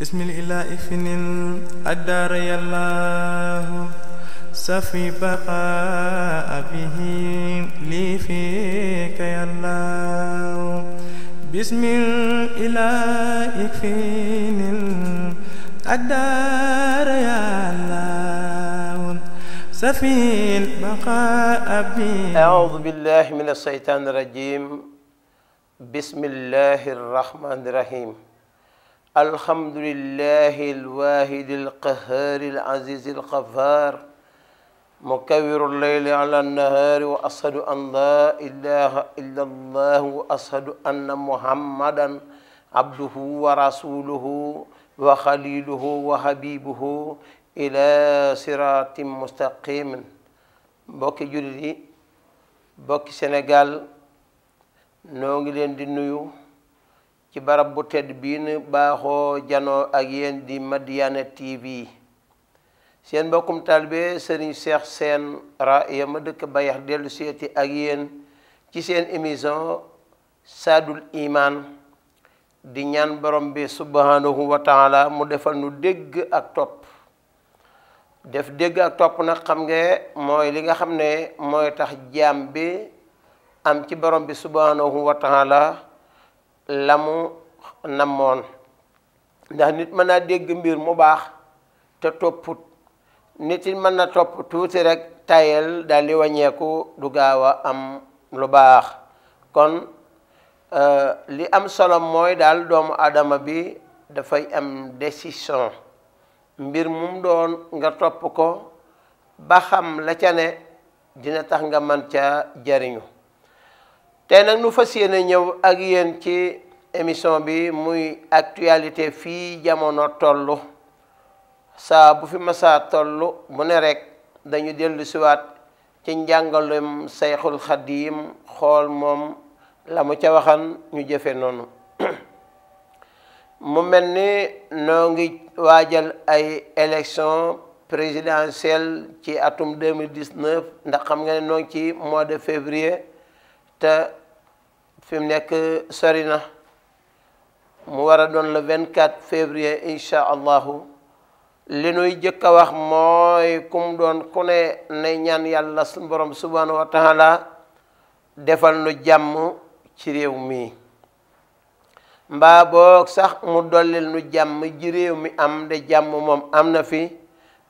بسم الله فنن أدار الله سفي بقى به لي فيك يا الله بسم الله فنن أدار يا الله سفي بقى به أعوذ بالله من الشيطان الرجيم بسم الله الرحمن الرحيم الحمد لله الواحد القهار العزيز القفار مكبر الليل على النهار وأشهد أن لا إله إلا الله وأشهد أن محمدا عبده ورسوله وخليله وحبيبه إلى صراط مستقيم بوكي جولي بوكي سنغال نوغي لين دي نيو ci barab bu tedd bii nu baaxoo janoo ak yéen di Madiyana TV seen mbokkum taalibe Serigne Cheikh seen raaya ma dëkk Bayax dellu seeti ak yéen ci seen émission Saadul imaan di ñaan borom bi subhanahu wa la mu defal nu dégg ak topp def dégg ak topp nag xam nga mooy li nga xam ne mooy tax jaam bi am ci borom bi subhanahu wa la lamu namoon ndax nit mën naa dégg mbir mu baax te topput nit it mën na topp tuuti rek tayel daal di wàññeeku du gaaw a am lu baax kon euh, li am solo mooy daal doomu aadama bi dafay am décision mbir mu doon nga topp ko ba xam la ca ne dina tax nga mën ca jariñu te nag nu fas yéene ñëw ak yéen ci émission bi muy actualité fii jamono tollu saa bu fi masaa tollu bu ne rekk dañu dellu siwaat ci njàngalem Sayxul Xadiim xool moom la mu ca waxan ñu jëfe noonu mu mel ni noo ngi waajal ay élection présidentielle ci atum 2019 ndax xam nga ne noo ci mois de février te fim nekk sorina mu wara a doon le 24 février incha allahu li nuy jëkk a wax mooy kum doon ku ne nay ñaan yàlla suñu borom subhanahu wa defal nu jàmm ci réew mi mbaa boog sax mu dollil nu jàmm ji réew mi am de jàmm moom am na fi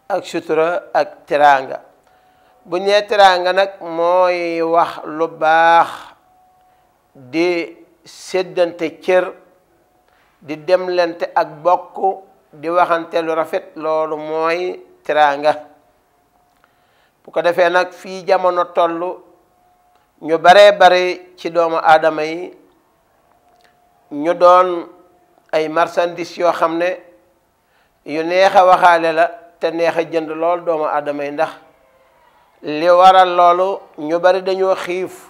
ak sutura ak teraanga bu ñu nak moy nag mooy wax lu baax di séddante cër di demlante ak bokk di waxante lu rafet loolu mooy teraanga bu ko defee nag fii jamono toll ñu baree bare ci doomu aadama ñu doon ay marchandises yoo xam yu neex a la te neex jënd lool doomu ndax li waral loolu ñu bari dañoo xiif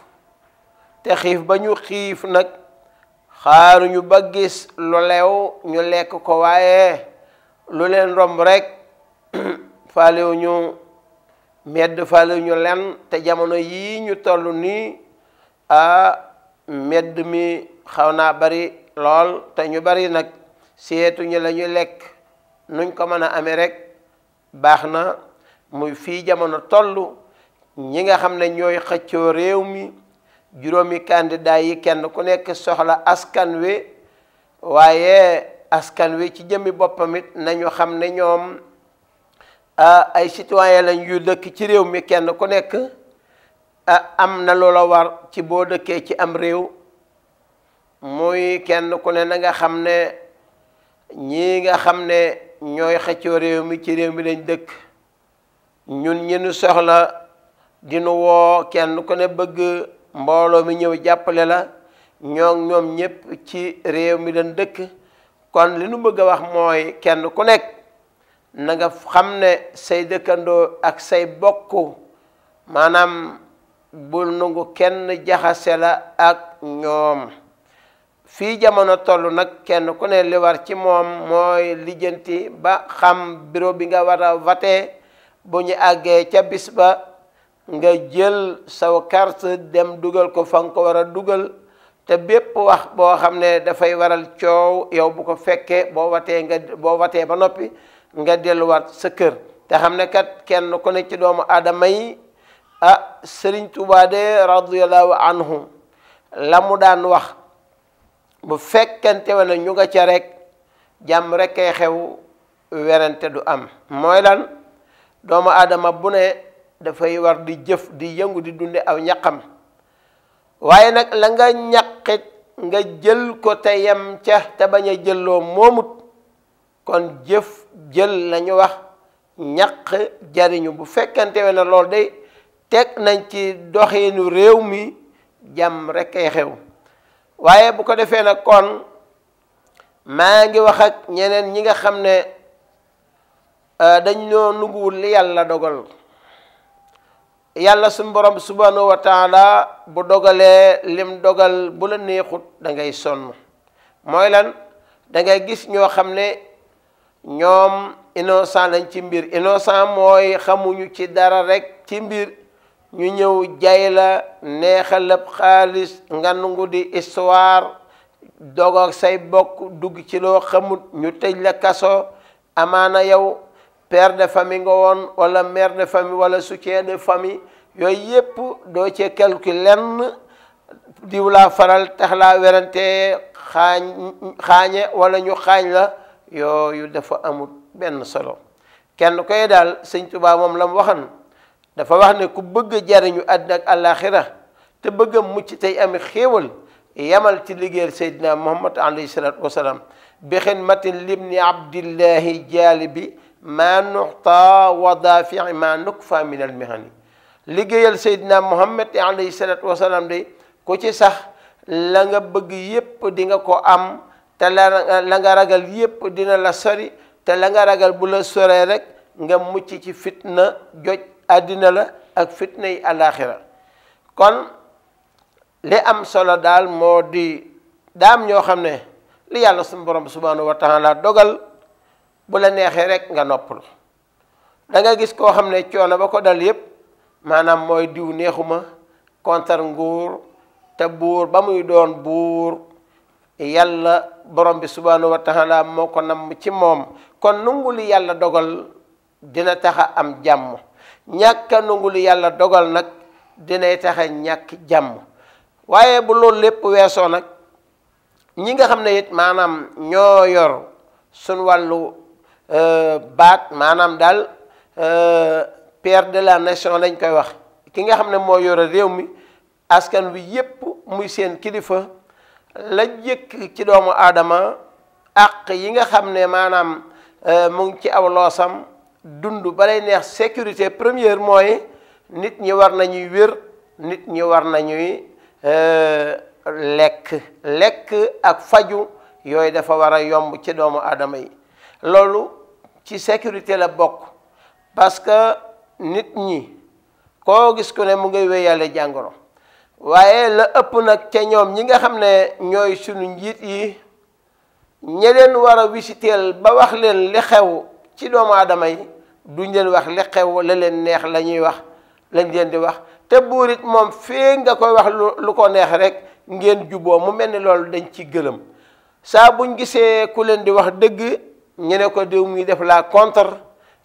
te xiif ba ñu xiif nag xaaruñu ba gis lu leew ñu lekk ko waaye lu leen romb rekk faalewu ñu medd faalewu ñu len te jamono yii ñu tollu nii a medd mi xaw naa bari lool te ñu bari nag seetuñu la ñu lekk nuñ ko mën a amee rek baax na muy fii jamono toll ñi nga xam ne ñooy xëccoo réew mi juróomi candidat yi kenn ku nekk soxla askan wi waaye askan wi ci jëmmi boppam it nañu xam ne ñoom ay citoyen lañ yu dëkk ci réew mi kenn ku nekk am na loola war ci boo dëkkee ci am réew muy kenn ku ne na nga xam ne ñi nga xam ne ñooy xëccoo réew mi ci réew mi lañ dëkk ñun ñi nu soxla dinu woo kenn ku ne bëgg mbooloo mi ñëw jàppale la ñoo ñoom ñépp ci réew mi leen dëkk kon li nu bëgg a wax mooy kenn ku nekk nanga xam ne say dëkkandoo ak say bokk maanaam bul nangu kenn jaxase la ak ñoom fii jamono toll nag kenn ku ne li war ci moom mooy lijjanti ba xam buro bi nga war a voté bu ñu àggee ca bis ba nga jël saw carte dem dugal ko fa nga ko war a dugal te bépp wax boo xam ne dafay waral coow yow bu ko fekkee boo watee nga boo watee ba noppi nga delluwaat sa kër te xam ne kat kenn ku ne ci doomu aadama yi ah Sëriñ Tuubaa de radiyallahu anhu la mu daan wax bu fekkente wane ñu nga ca rek jàmm rek kay xew werante du am mooy lan doomu aadama bu ne dafay war di jëf di yëngu di dunde aw ñaqam waaye nag la nga ñaqit nga jël ko te yem ca te bañ a jëlloo moomut kon jëf jël lañu wax ñaq jariñu bu fekkante we na lool day teg nañ ci doxiinu réew mi jàmm rekk ay xew waaye bu ko defee nag kon maa ngi wax ak ñeneen ñi nga xam ne Euh, dañ ñoo nuguwul yàlla dogal yàlla su borom subhanahu wa bu dogalee lim dogal bu la neexut da sonn mooy lan dangay gis ñoo xam ne ñoom innocent lañ ci mbir innocent mooy xamuñu ci dara rek ci mbir ñu ñëw jay la neexalab xaalis nga nangu di histoire dogoog say bokk dugg ci loo xamut ñu tëj la kaso amaana yow père de famille nga woon wala mère de famille wala soutien famille yooyu yépp doo ci calcul lenn diw laa faral tax laa werante xaañ xaañe wala ñu xaañ la yooyu dafa amul benn solo kenn koy daal sëñ Tuubaa moom la mu waxan dafa wax ne ku bëgg a jariñu àddina ak àllaaxira te bëgg a mucc tey ami xéewal yamal ci liggéey Seydina Muhammad alayhi salaatu wasalaam bi xidmatin libni abdillahi jaali bi maa nuxta wa daafii maa nukfa min al mihani liggéeyal Seydina Muhammad alayhi salaatu wa salaam de ku ci sax la nga bëgg yépp di nga ko am te la la nga ragal yépp dina la sori te la nga ragal bu la soree rek nga mucc ci fitna joj àddina la ak fitna yi àllaaxira kon li am solo daal moo di daam ñoo xam ne li yàlla suñu borom subhaanahu wa dogal bu la neexee rek nga noppal da nga gis koo xam ne coono ba dal yépp maanaam mooy diw neexuma kontar nguur te buur ba muy doon buur yàlla borom bi subhanahu wa taala moo ci kon nunguli li dogal dina taxa am nyak ñàkka nunguli li dogal nak dina taxa nyak jàmm waaye bu lipu lépp weesoo nak, ñi nga xam ne it maanaam ñoo yor suñ Euh, baat maanaam daal euh, père de la nation lañ koy wax ki nga xam ne moo yore réew mi askan wi yépp muy seen kilifa la jëkk ci doomu aadama àq yi nga xam ne maanaam euh, mu ngi ci aw loosam dund balay neex sécurité première mooy nit ñi war nañuy wér nit ñi war nañuy lekk lekk ak faju yooyu dafa war a yomb ci doomu aadama yi loolu ci sécurité la bokk parce que nit ñi koo gis ku ne mu ngay wéyale jàngoro waaye la ëpp nag ca ñoom ñi nga xam ne ñooy sunu njiit yi ñe leen war a ba wax leen li xew ci doomu aadama yi duñ leen wax li xew la leen neex la ñuy wax lañ leen di wax te buur it moom fee nga koy wax lu ko neex rek ngeen juboo mu mel ni loolu dañ ci gëlëm saa buñ gisee ku leen di wax dëgg ñu ne ko déw muy def la contre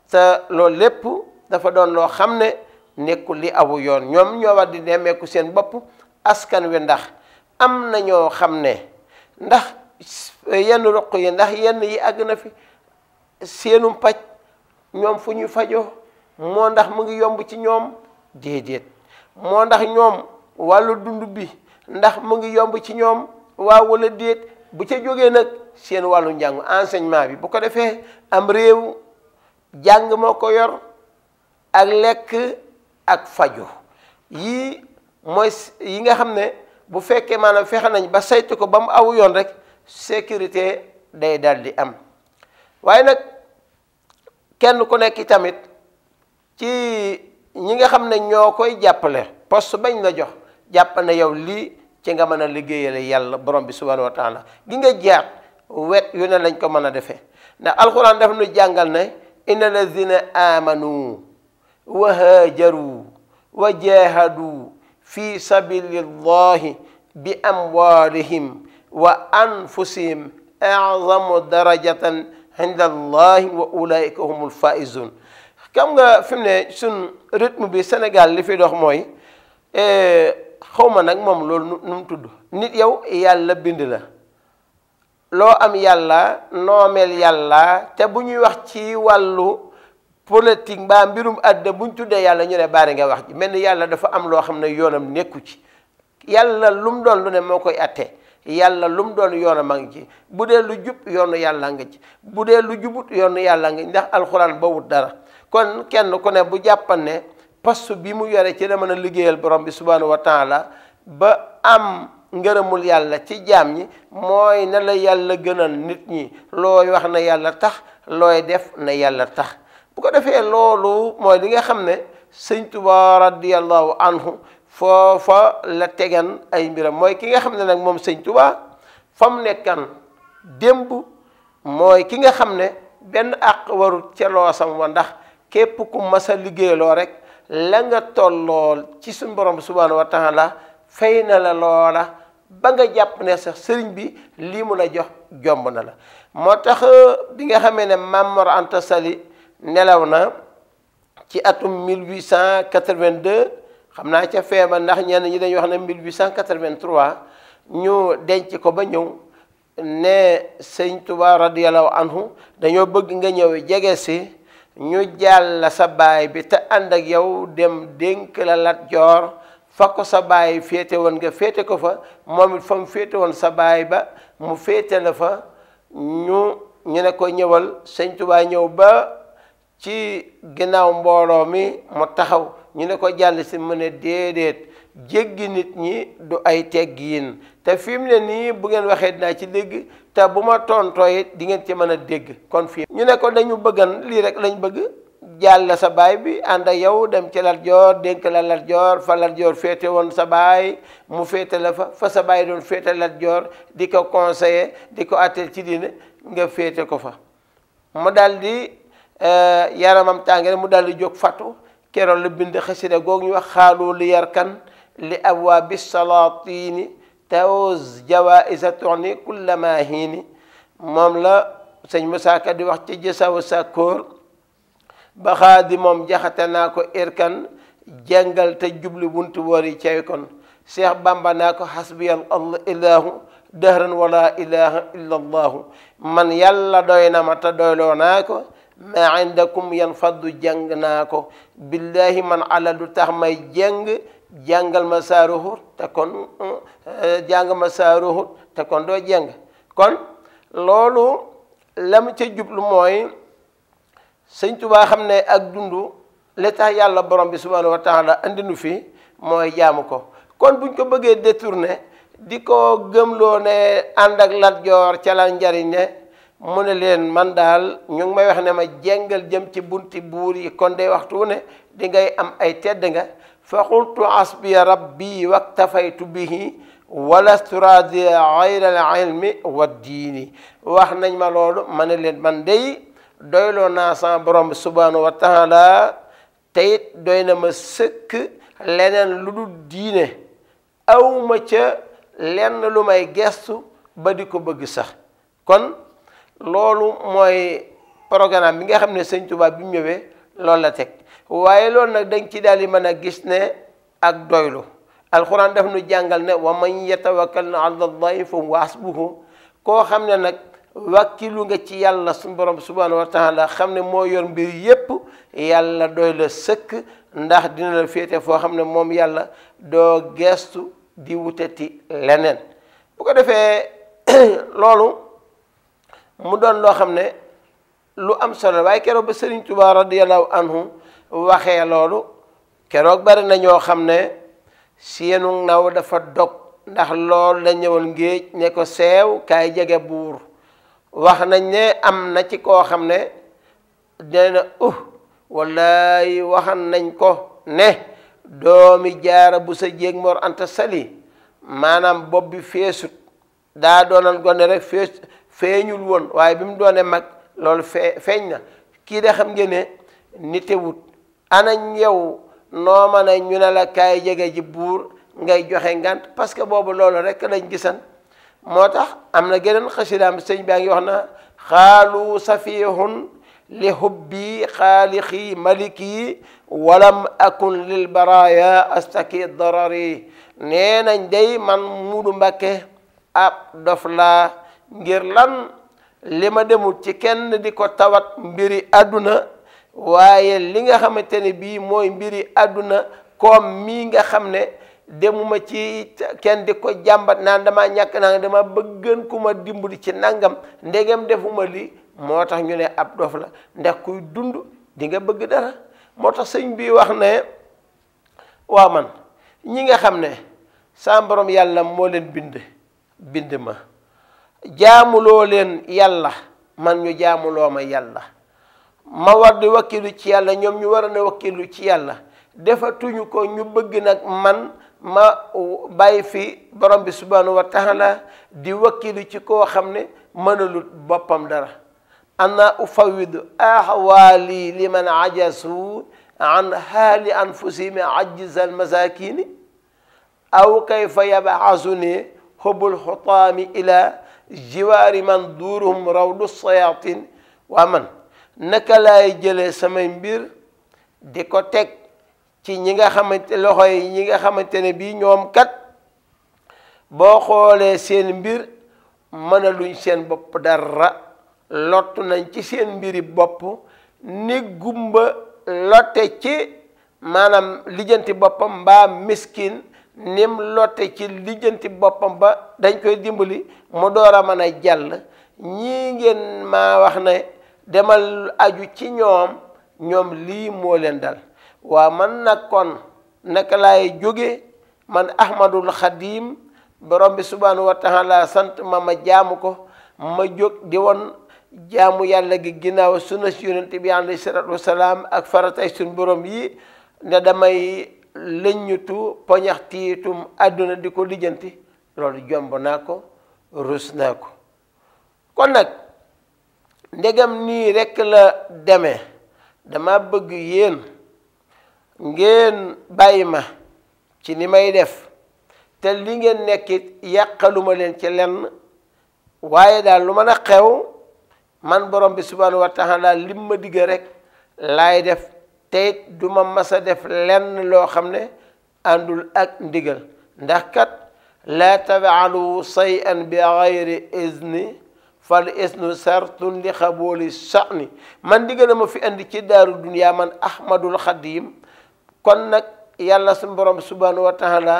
sa loolu lépp dafa doon loo xam ne nekkul li awu yoon ñoom ñoo war di nemmeeku seen bopp askan wi ndax am na ñoo xam ne ndax yenn roq yi ndax yenn yi àgg na fi seenum paj ñoom fu ñuy fajoo moo ndax mu ngi yomb ci ñoom déedéet moo ndax ñoom wàllu dund bi ndax mu ngi yomb ci ñoom waaw wala déet bu ca jógee nag seen wàllu njàng enseignement bi bu ko defee am réew jàng moo ko yor ak lekk ak faju yii mooy yi nga xam ne bu fekkee maanaam fexe nañ ba saytu ko ba mu aw yoon rek sécurité day dal di am waaye nag kenn ku nekk tamit ci ñi nga xam ne ñoo koy jàppale poste bañ la jox jàppal na yow lii ci nga mën a liggéeyale yàlla borom bi subhanahu wa taala gi nga jaar wet yu ne lañ ko mën a defee ndax alxuraan daf nu jàngal ne inna lazina amanu wa haajaru wa jahadu fi sabilillahi bi amwalihim wa anfusihim azamu darajatan inda allahi wa ulaika humul faizun xam nga fi mu ne suñ rythme bi senegal li fi dox mooy eh, xaw ma nag moom loolu nu mu tudd nit yow yàlla bind la loo am yàlla noomeel yàlla te bu ñuy wax ci wàllu politique mbaa mbirum àddina bu ñu tuddee yàlla ñu ne baari nga wax ji mel ni yàlla dafa am loo xam ne yoonam nekku ci yàlla lu mu doon lu ne moo koy attee yàlla lu mu doon yoonam a ngi ci bu dee lu jub yoonu yàlla nga ci bu dee lu jubut yoonu yàlla nga ndax alxuraan ba wut dara kon kenn ku bu jàppan poste bi mu yore ci dama na liggéeyal borom bi subhanahu wa taala ba am ngërëmul yàlla ci jaam ñi mooy na la yàlla gënal nit ñi looy wax na yàlla tax looy def na yàlla tax bu ko defee loolu mooy li nga xam ne tuba radiallahu anhu foofa la tegan ay mbiram mooy ki nga xam ne nag moom sëñ tuba fam nekkan démb mooy ki nga xam ben benn àq warut lo loosam wa ndax képp ku mas a rek la nga lool ci suñ borom subhaanahu wa taala fay na la loola ba nga jàpp ne sax sëriñ bi lii mu la jox jomb na la moo tax euh, bi nga xamee ne Maam Mor Anta Sali nelaw na ci atum 1882 xam naa ca feebar ndax ñenn ñi dañuy wax ne 1883 ñu denc ko ba ñëw ne sëñ Tuubaa radiyallahu anhu dañoo bëgg nga ñëw jege si ñu jàll sa baay bi te ànd ak yow dem dénk la Lat Joor fa ko sa baay féete woon nga féete ko fa moom it fa mu féete woon sa baay ba mu féete la fa ñu ñu ne ko ñëwal sëñ Tuubaa ñëw ba ci ginnaaw mbooloo mi mu taxaw ñu ne ko jàll si mu ne déedéet jéggi nit ñi du ay teggiin te fi mu ne nii bu ngeen waxee dinaa ci dégg te bu ma tontoo it di ngeen ci mën a dégg kon fii ñu ne ko dañu bëggan lii rek lañ bëgg jàll sa baay bi ànd ak yow dem ci Lat Joor dénk la Lat Joor fa Lat Joor féete woon sa baay mu féete la fa fa sa baay doon féete Lat Joor di ko conseiller di ko attel ci diine nga féete ko fa mu daldi euh, yaramam tàngere mu daldi jóg fatu keroon la bind xasida googu ñu wax xaalu li yarkan li abwaabi salaatini taoz jawaisa toxni kullama hiini moom la sëñ Musaa Ka wax ci jësaw sa kóor ba xaadi moom jaxate naa ko irkan jàngal te jubli buntu woor yi Seex Bàmba xasbiyal allah ilaahu dëhran wala ilaha man yàlla doy ma te doyloo maa indakum yan faddu jàng naa ko billahi man ala lu tax may jàng jàngal ma saaruhut te kon eh, jàng ma saaruhut te kon doo jàng kon loolu la mu ca jublu mooy sëñ Tuubaa xam ne ak dund li tax yàlla borom bi subhaanahu wa taala nu fi mooy jaamu ko kon buñ ko bëggee détourné di ko gëmloo ne ànd ak Lat Joor ca la njariñ ne mu ne leen man daal ñu ngi may wax ne ma jengal jëm ci bunti buur yi kon de waxtu ne di ngay am ay tedd nga fa qultu asbiya rabbi waktafaytu bihi walastu radia gayra al ilmi wa diini wax nañ ma loolu ma ne leen man day doyloo naa sama borom bi subhanahu wa taala teyit doy na ma sëkk leneen lu dul diine awma ca lenn lu may gestu ba di ko bëgg sax kon loolu mooy programme bi nga xam ne sëñ tubaab bi mu ñëwee loolu la teg waaye loolu nag dañ ci daal di mën a gis ne ak doylu alxuraan def nu jàngal ne wa man yatawakkal na ala allahi fa huwa hasbuhu koo xam ne nag wàkkilu nga ci yàlla suñu borom subhaanahu wa taala xam ne moo yoon mbir yépp yàlla doy la sëkk ndax dina la féete foo xam ne moom yàlla doo geestu di wuteti leneen bu ko defee loolu mu doon loo xam ne lu am solo waaye keroog ba Serigne Touba radiyallahu anhu waxee loolu keroog bari na ñoo xam ne si yenu naw dafa dog ndax loolu la ñëwoon ngéej ne ko seew kaay jege buur wax nañ ne am na ci koo xam ne nee na uh wallaay waxan nañ ko ne doomi jaara bu sa jéeg Mor Anta Sali maanaam bopp bi feesut daa doonal gone rek fees feeñul woon waaye bi mu doonee mag loolu fee feeñ na kii de xam ngeen ne nitewut anañ yow noo mën a ñu ne la jege ji buur ngay joxe ngant parce que boobu loolu rekk lañ gisan moo tax am na geneen xasidaam sëñ baa ngi wax na xaalu safihun li hubbi xaalixi maliki walam akun lil baraya astaki darari nee nañ day man muudu mbakke ab ah, dof laa ngir lan li ma demul ci kenn di ko tawat mbiri àdduna waaye li nga xamante ne bii mooy mbiri àdduna koom mii nga xam ne demuma ci kenn di ko jàmbat naan dama ñàkk naa dama bëggan ku ma dimbali ci nangam ndegem defuma li moo tax ñu ne ab dof la ndax kuy dund di nga bëgg dara moo tax sëñ bi wax ne waaw man ñi nga xam ne saa borom yàlla moo leen bind bind ma jaamuloo leen yàlla man ñu jaamuloo ma yàlla ma war di wakkilu ci yàlla ñoom ñu war a ne wakkilu ci yàlla defatuñu ko ñu bëgg nag man ma bàyyi fi borom bi subhanahu wa taala di wakkilu ci koo xam ne mënalut boppam dara ana ufawidu ahwaali liman ajasu an haali anfusihim ajizal masakini aw kayfa yabaxasu ne xubul xutaami ila jiwaari man raw du sayaatin waa man naka laay jële samay mbir di ko teg ci ñi nga xamante loxo yi ñi nga xamante ne bii ñoom kat boo xoolee seen mbir mën a luñ seen bopp dara lottu nañ ci seen mbiri bopp ni gumba lotte ci maanaam lijjanti boppam mbaa miskin nim lotte ci lijjanti boppam ba dañ koy dimbali mu door a mën a jàll ñii ngeen ma wax ne demal aju ci ñoom ñoom lii moo leen dal waaw man nag kon naka laay jóge man ahmadul xadim borom bi subhanahu wa taala sant ma ma jaamu ko ma jóg di woon jaamu yàlla gi ginnaaw sunna si yonente bi alayhi salatu wasalaam ak faratay suñ borom yi ne damay lëññutu poñaxtiitum àdduna di ko lijjanti loolu jomb naa ko rus naa ko kon nag ndegam nii rekk la deme dama bëgg yéen ngeen bàyyi ma ci ni may def te li ngeen nekkit yàqaluma leen ci lenn waaye daal lu mën a xew man borom bi subhanahu wa daal lim ma digg rekk laay def tey du ma mas a def lenn loo xam ne àndul ak ndigal ndax kat laa tabaalu sayan bi gayri izni fal isnu sartun li xabooli sani man ndigal ma fi andi ci daaru duniyaa man ahmadul xadim kon nag yàlla su borom subhanahu wa taala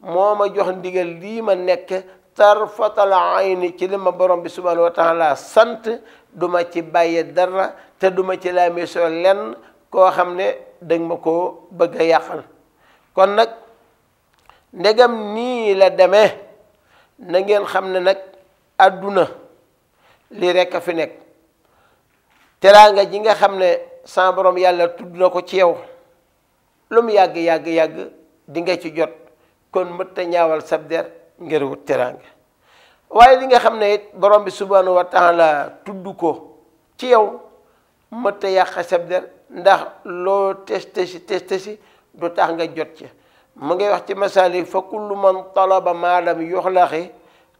moo ma jox ndigal lii ma nekk tarfatal ayni ci li ma borom bi subhanahu wa taala sant duma ci bàyyi dara te duma ci laamisoo lenn koo xam ne dañ ma ko bëgg a yàqal kon nag ndegam nii la demee na ngeen xam ne nag àdduna lii rekk a fi nekk teraanga ji nga xam ne sa borom yàlla tudd na ko ci yow lu mu yàgg yàgg yàgg di nga ci jot kon mët a ñaawal sab der ngir wut teraanga waaye li nga xam ne it borom bi subhanahu wa la tudd ko ci yow mët a yàq sab ndax loo teste si teste si du tax nga jot ci mu ngay wax ci yi fa kullu man talaba maalam yuxlaqi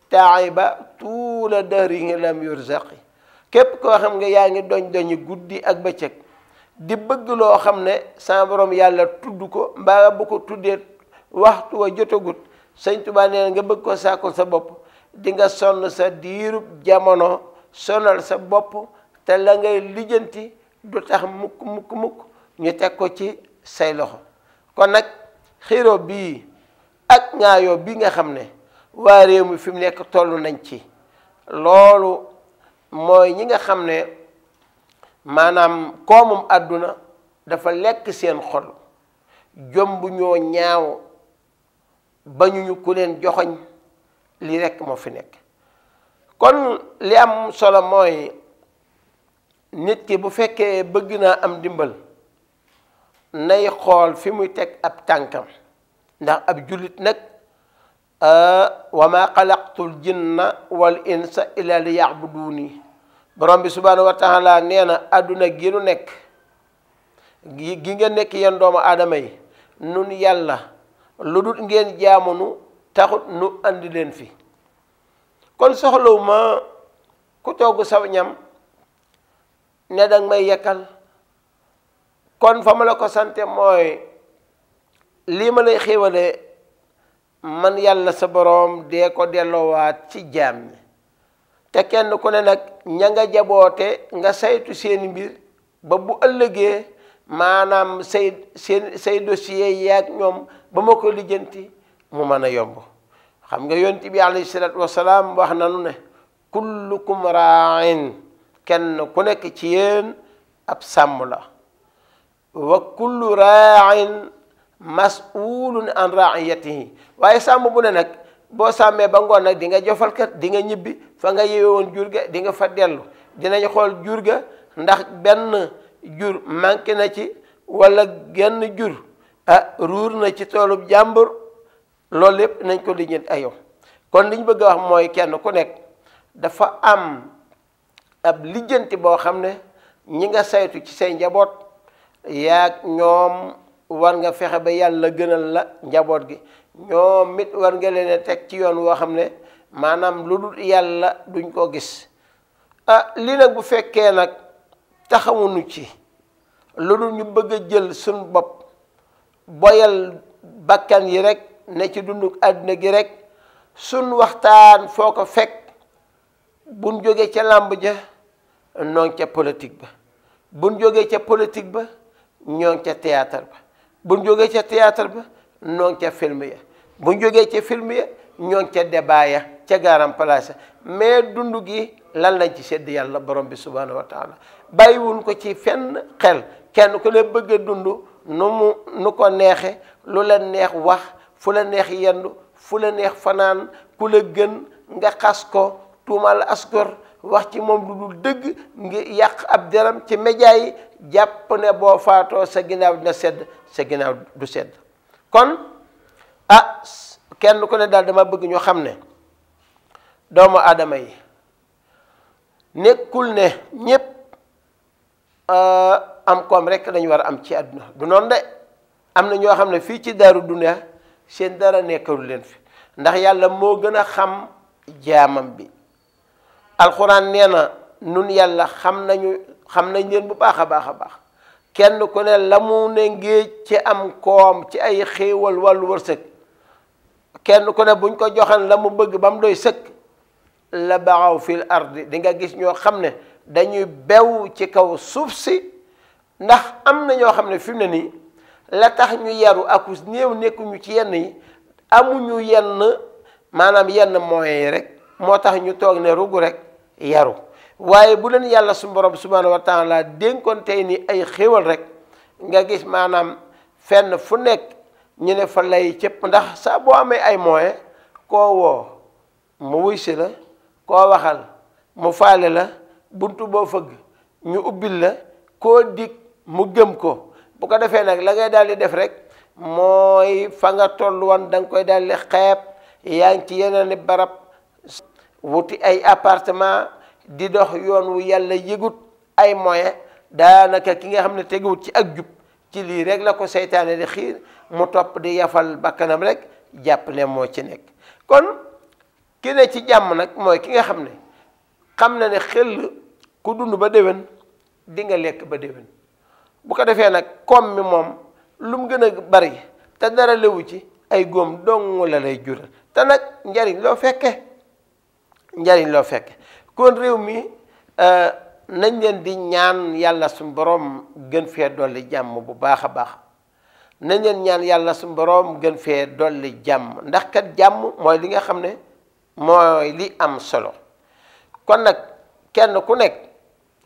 taiba tuula nga lam yurzaqi képp koo xam nga yaa ngi doñ doñi guddi ak bëccëg di bëgg loo xam ne sa borom yàlla tudd ko mbaa bu ko tuddee waxtu wa jotagut sëñ Tuubaa nee nga bëgg ko sàkkul sa bopp di nga sonn sa diirub jamono sonal sa bopp te la ngay lijjanti du tax mukk mukk mukk ñu teg ko ci say loxo kon nag xiroo bii ak ñaayoo bi nga xam ne waa réew mi fi nekk toll nañ ci loolu mooy ñi nga xam ne maanaam koomum àdduna dafa lekk seen xol jomb ñoo ñaaw bañuñu ku leen joxoñ li rekk moo fi nekk kon li am solo mooy nit ki bu fekkee bëgg naa am ndimbal nay xool fi muy teg ab tànkam ndax ab jullit nag wa ma xalaqtul na wal insa illa li ya'buduni borom bi subhaanahu wa nee na àdduna gi nu nekk gi nga nekk yéen doomu aadama yi nun yàlla lu dul ngeen jaamunu taxut nu indi leen fi kon soxlawuma ku togg saw ñam ne danga may yekkal kon fa ma la ko sante mooy lii ma lay xéewale man yàlla sa boroom dee ko delloowaat ci jaam ñi te kenn ku ne nag ña nga jaboote nga saytu seen mbir ba bu ëllëgee maanaam say seen say dossier yaag ñoom ba ma ko lijjanti mu mën a yomb xam nga yonent bi alayhi salaatu wasalaam wax nanu ne kullukum raain kenn ku nekk ci yéen ab sàmm la wa kullu raain mas'ulun an yi waaye sàmm bu ne nag boo sàmmee ba ngoon nag di nga jofalkat di nga ñibbi fa nga yeewoon jur ga dinga fa dellu dinañ xool jur ga ndax benn jur manqué na ci wala genn jur ah ruur na ci toolub jàmbur loolu lépp nañ ko lijjanti ak yow kon liñ bëgg a wax mooy kenn ku nekk dafa am ab lijjanti boo xam ne ñi nga saytu ci say njaboot yaag ñoom war nga fexe ba yàlla gënal la njaboot gi ñoom it war nga leen a teg ci yoon woo xam ne maanaam lu dul yàlla duñ ko gis ah li nag bu fekkee nag taxawuñu ci lu dul ñu bëgg a jël suñ bopp boyal bakkan yi rekk ne ci dunduk àddina gi rekk suñ waxtaan foo ko fekk buñ jógee ca làmb ja ñoo ca politique ba buñ jógee ca politique ba ñoo ca théâtre ba buñ jógee ca théâtre ba ñoo ca film ya buñ jógee ca film ya ñoo ngi ca débat ya ca garam place mais dund gi lan lañ ci sedd yàlla borom bi subhanahu wa taala bàyyiwuñ ko ci fenn xel kenn ku la bëgg dund nu mu nu ko neexee lu la neex wax fu la neex yend fu la neex fanaan ku la gën nga xas ko tuumaal askor wax ci moom lu dul dëgg ngi yàq ab deram ci média yi jàpp ne boo faatoo sa ginnaaw na sedd sa ginaaw du sedd kon ah kenn ku ne daal dama bëgg ñu xam ne doomu aadama yi nekkul ne ñépp euh, am koom rek dañu war a am ci àdduna du noonu de am na ñoo xam ne fii ci daaru duniya seen dara nekkalu leen fi ndax yàlla moo gën a xam jaamam bi alxuraan nee na nun yàlla xam nañu xam nañ leen bu baax a baax a baax kenn ku ne la mu ne ngéej ci am koom ci ay xéewal wàllu wërsëg kenn ku ne buñ ko joxan la mu bëgg ba mu doy sëkk la baxaw fil ardi di nga gis ñoo xam ne dañuy bew ci kaw suuf si ndax am na ñoo xam ne fi mu ne nii la tax ñu yaru akus néew nekkuñu ci yenn yi amuñu yenn maanaam yenn moyens yi rek moo tax ñu toog ne rugu rek yaru waaye bu leen yàlla su borom subhanahu wa taala dénkoon tey ni ay xéewal rek nga gis maanaam fenn fu nekk ñu ne fa lay cëpp ndax saa boo amee ay moyen koo woo mu wuy la koo waxal mu faale la buntu boo fëgg ñu ubbil la koo dig mu gëm ko bu ko defee nag la ngay daal di def rek mooy fa nga toll woon da koy daal di xeeb yaa ngi ci yeneen barab wuti ay appartement di dox yoon wu yàlla yëgut ay moyen daanaka ki nga xam ne teguwut ci ak jub ci lii rek la ko seytaane di xiir mu topp di yafal bakkanam rek jàpp ne moo ci nekk kon ki ne ci jàmm nag mooy ki nga xam ne xam na ne xel ku dund ba déwén di nga lekk ba déwén bu ko defee nag koom mi moom lu mu gën a bari te dara lewu ci ay góom dong la lay jural te nag njariñ loo fekkee njariñ loo fekk kon réew mi euh, nañ leen di ñaan yàlla suñu borom gën fee dolli jàmm bu baax a baax nañ leen ñaan yàlla suñu borom gën fee dolli jàmm ndax kat jàmm mooy li nga xam ne mooy li am solo kon nag kenn ku nekk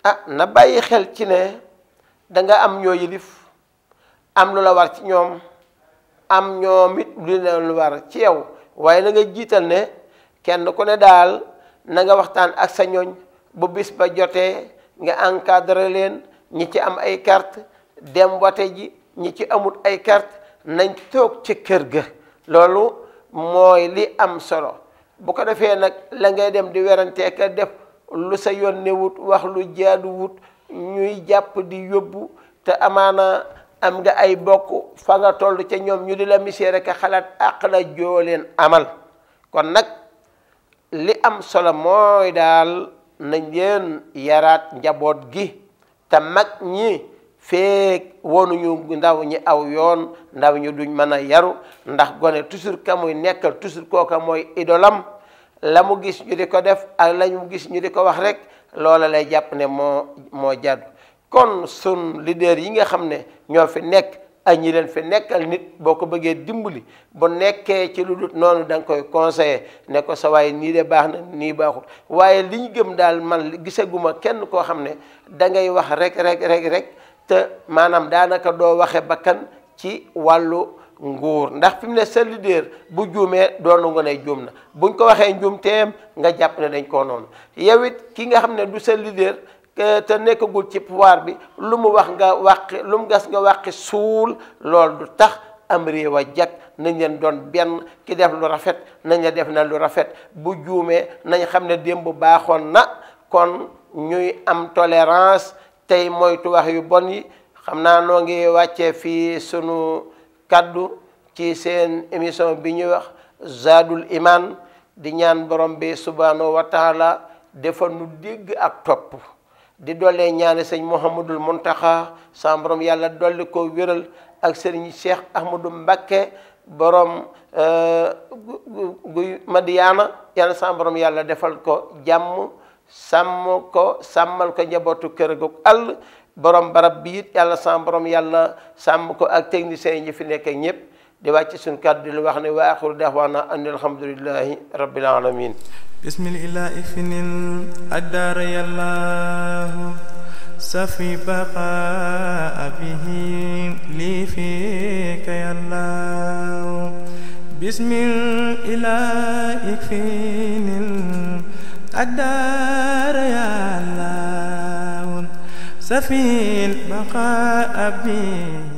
ah na bàyyi xel ci ne da am ñoo yilif am lu la war ci ñoom am ñoom it lu leen war ci yow waaye na nga jiital ne kenn ku ne daal. na nga waxtaan ak sa ñooñ bu bis ba jotee nga encadré leen ñi ci am ay kart dem wate ji ñi ci amut ay carte nañ toog ci kër ga loolu mooy li am solo bu ko defee nag la ngay dem di werantee def lu sa yoon ne wut wax lu jaadu wut ñuy jàpp di yóbbu te amaana am nga ay bokk fa nga toll ca ñoom ñu di la misère rek xalaat àq la joo leen amal kon nag li am solo mooy daal na ngeen yaraat njaboot gi te mag ñi feek wonuñu ndaw ñi aw yoon ndaw ñi duñ mën a yaru ndax gone toujours ka muy nekkal toujours kooka mooy idolam la mu gis ñu di ko def ak la mu gis ñu di ko wax rek loola lay jàpp ne moo moo jàdd kon sun leader yi nga xam ne ñoo fi nekk ay ñi leen fi nekkal nit boo ko bëggee dimbali ba nekkee ci lu dul noonu danga koy conseiller ne ko sa waaye nii de baax na nii baaxul waaye li ñu gëm daal man gisaguma kenn koo xam ne da ngay wax rek rek rek rek te maanaam daanaka doo waxe bakkan ci wàllu nguur ndax fi mu ne sa leader bu juumee doonu nga ne juum na buñ ko waxee njuum teem nga jàpp ne dañ koo noonu yow it ki nga xam ne du sa leader te nekkagul ci pouvoir bi lu mu wax nga wàqi lu mu gas nga wàqi suul lool du tax am réew a jag nañ leen doon benn ki def lu rafet nañ la def na lu rafet bu juumee nañ xam ne démb baaxoon na kon ñuy am tolerance tey moytu wax yu bon yi xam naa noo ngi wàccee fii sunu kàddu ci seen émission bi ñuy wax Zadul imaan di ñaan borom bi subhanahu wa taala dafa dégg ak topp di dollee ñaane sëñ Mouhamadul Muntaxa sa borom yàlla dolli ko wéral ak sëriñ Cheikh Ahmadou Mbakke borom euh, guy Madiyaana yàlla samborom yàlla defal ko jàmm sàmm ko sàmmal ko njabootu kër gu àll borom barab bi it yàlla sa borom yàlla sàmm ko ak techniciens yi ñu fi nekk ñëpp. di wacc sun kaddu li wax ne wa akhiru dawana بسم الله إفن الأدار الله سفي بقاء الله بسم الله إفن الأدار يا الله سفي